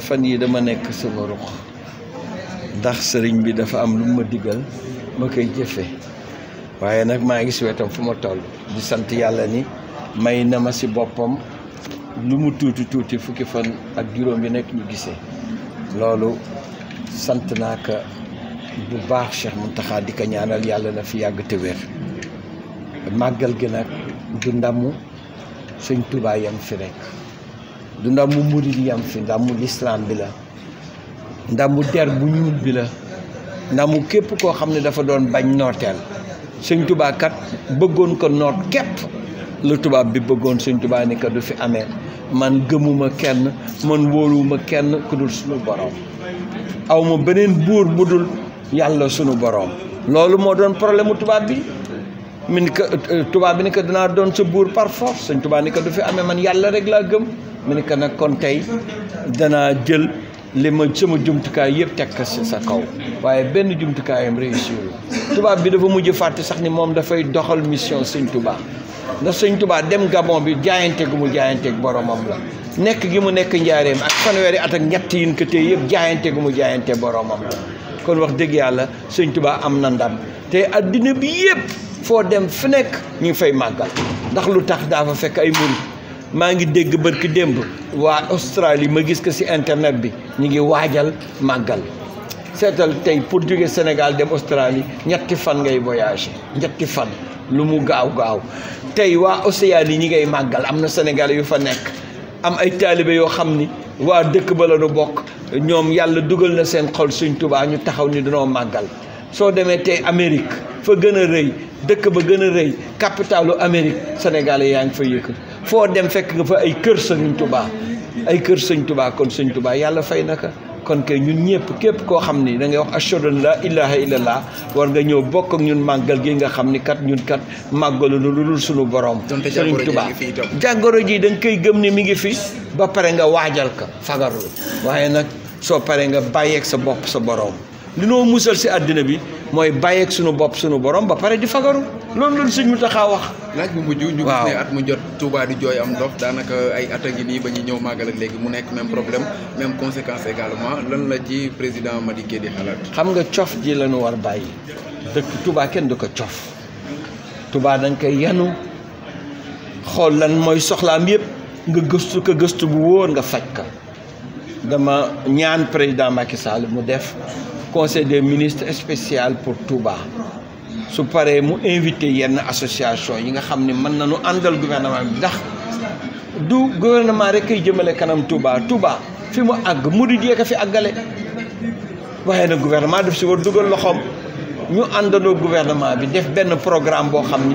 fan yi dama nekk sama ruq ndax sëriñ bi dafa am lu ma diggal ma koy jëfe waaye nag maa ngi si wetam fu ma toll di sant yàlla ni may na ma ci boppam lu mu tuuti tuuti fukki fan ak juróom yi nekk ñu gisee loolu sant naa ko bu baax mu Mountakha di ko ñaanal yàlla na fi yàgg te wér màggal gi nag du ndamu sëñ tubaayam yam fi rek du ndàmbu murit yi am fi ndàmbu lislaam bi la ndàmbu der bu ñuul bi la ndàmbu képp koo xam ne dafa doon bañ nooteel sëñ tubaa kat bëggoon ko noot képp lu tubaab bi bëggoon sëñ tubaa ni ka du fi amee man gëmuma kenn man wóoluwuma kenn ku dul suñu boroom awma beneen buur bu dul yàlla sunu boroom loolu moo doon problème tubaab bi mi ni tubaab bi ni danaa doon sa buur par sëñ tubaab ni ko du fi amee man yàlla rek laa gëm mi ni ko nag kon tey danaa jël li ma sama jumtukaay yëpp teg ko sa kaw waaye benn jumtukaayam réussir tubaab bi dafa mujj fàtte sax ni moom dafay doxal mission sëñ Touba ndax sëñ Touba dem Gabon bi jaayante gu mu jaayanteeg boromam la nekk gi mu nekk njaareem ak fanweeri at ak ñett yin ko tey yëpp jaayante gu mu jaayante boromam la kon wax dégg yàlla sëñ am na foo dem fu nekk ñu fay màggal ndax lu tax daa fa fekk ay murit maa ngi dégg bërki démb waa Australie ma gis ko ci internet bi ñu ngi waajal màggal seetal tey pour jóge Sénégal dem Australie ñetti fan ngay voyager ñetti fan lu mu gaaw gaaw tey waa Océanie ñi ngay màggal am na Sénégalais yu fa nekk am ay taalibe yoo xam ni waa dëkk ba la du bokk ñoom yàlla dugal na seen xol Sëñ tubaa ñu taxaw ni danoo màggal soo demee tey Amérique fa gën a rëy dëkk ba gën a rëy capitalu Amérique sénégalais yaa ngi fa yëkk foo dem fekk nga fa ay kër sëñ Touba ay kër sëñ tubaa kon sëñ tubaa yàlla fay naka kon kay ñun ñëpp képp koo xam ni dangay ngay wax ashhadu an la ilaha illallah war nga ñëw bokk ak ñun màggal gi nga xam ni kat ñun kat màggalu lu dul suñu borom sëriñ Tuubaa jàngoro ji da nga koy gëm ni mi ngi fi ba pare nga waajal ko fagarul waaye nag soo paree nga bàyyeeg sa bopp sa boroom li noo musal si àddina bi mooy bàyyeeg suñu bopp suñu borom ba pare di fagaru loolu loolu sëñ mu taxaa wax laaj bu mujj ñu gis ne at mu jot tuubaa di jooy am ndox daanaka ay at a ngi nii ba ñu ñëw màggal ak léegi mu nekk même problème même conséquence également lan la ci président Madické di xalaat xam nga cof ji la ñu war bàyyi dëkk Touba kenn du ko cof Touba da koy yanu xool lan mooy soxlaam yëpp nga gëstu ko gëstu bu wóor nga faj ka dama ñaan président Macky Sall mu def conseil des ministres spécial pour Touba su paree mu invité yenn association yi nga xam ne maintenant nañu andal gouvernement bi ndax du gouvernement rek kay jëmale kanam Touba Touba fi mu àgg murid yee ko fi àggale waaye nag gouvernement daf si war dugal loxoom ñu àndandoo gouvernement bi def benn programme boo xam ni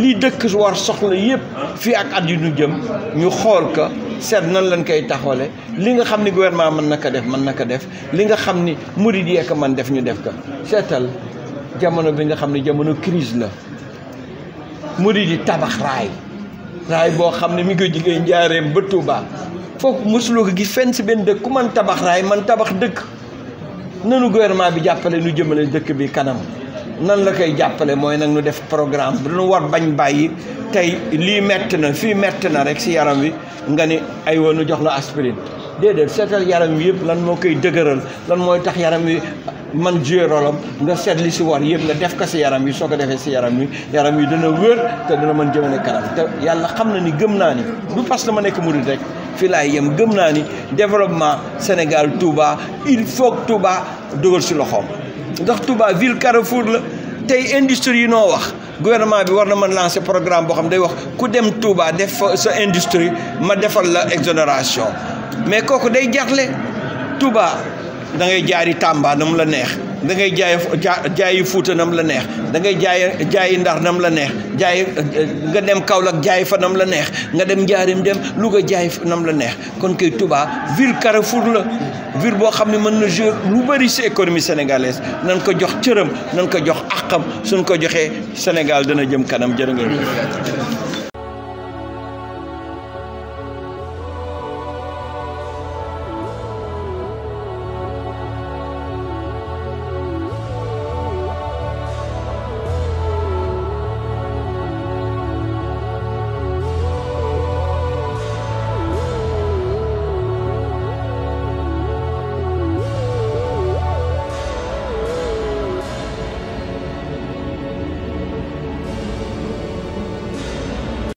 li dëkk war soxla yépp fii ak at yu ñu jëm ñu ka seet nan lañ koy taxawale li nga xam ni gouvernement mën na ko def man na ko def li nga xam ni murid yee ko man def ñu def ko seetal jamono bi nga xam ne jamono crise la murid yi tabax raay raay boo xam ne mi ngi ko jigéen njaareem ba Touba foofu mësuloo ko gis fenn si benn dëkk ku man tabax raay man tabax dëkk nanu gouvernement bi jàppale nu jëmale dëkk bi kanam nan la kay jàppale moy nak nu def programme bu ñu war bañ bayyi tay li metti na fi metti na rek ci yaram wi nga ni ay wonu jox la aspirine dede setal yaram wi yëpp lan mo koy dëgëral lan moy tax yaram wi man joué rolam nga seet li war yëpp nga def ko ci yaram wi soko ko ci yaram wi yaram wi dana wër te dana man pas kanam te yàlla xam na ni gëm na ni du pass que ma nek mourid rek fi lay yem gëm na ni développement Sénégal Touba il faut Touba dugal ci loxom ndax Touba ville carrefour la tey industrie yi noo wax gouvernement bi war na man lancer programme boo xam day wax ku dem Touba def sa industrie ma defal la exonération mais kooku day jaaxle Touba da ngay jaari Tamba na mu la neex da ngay jaay jaayi fuuta nam la neex da jaay jaayi ndar nam la neex jaay eh, nga dem Kaolack jaay fanam la neex nga dem Njaarim dem Louga jaay nam la neex kon kay Touba ville Carrefour la ville boo xam ne mën na jouer lu bëri si économie sénégalaise nan ko jox cëram nan ko jox àqam suñ ko joxee Sénégal dana jëm kanam jërë ngeen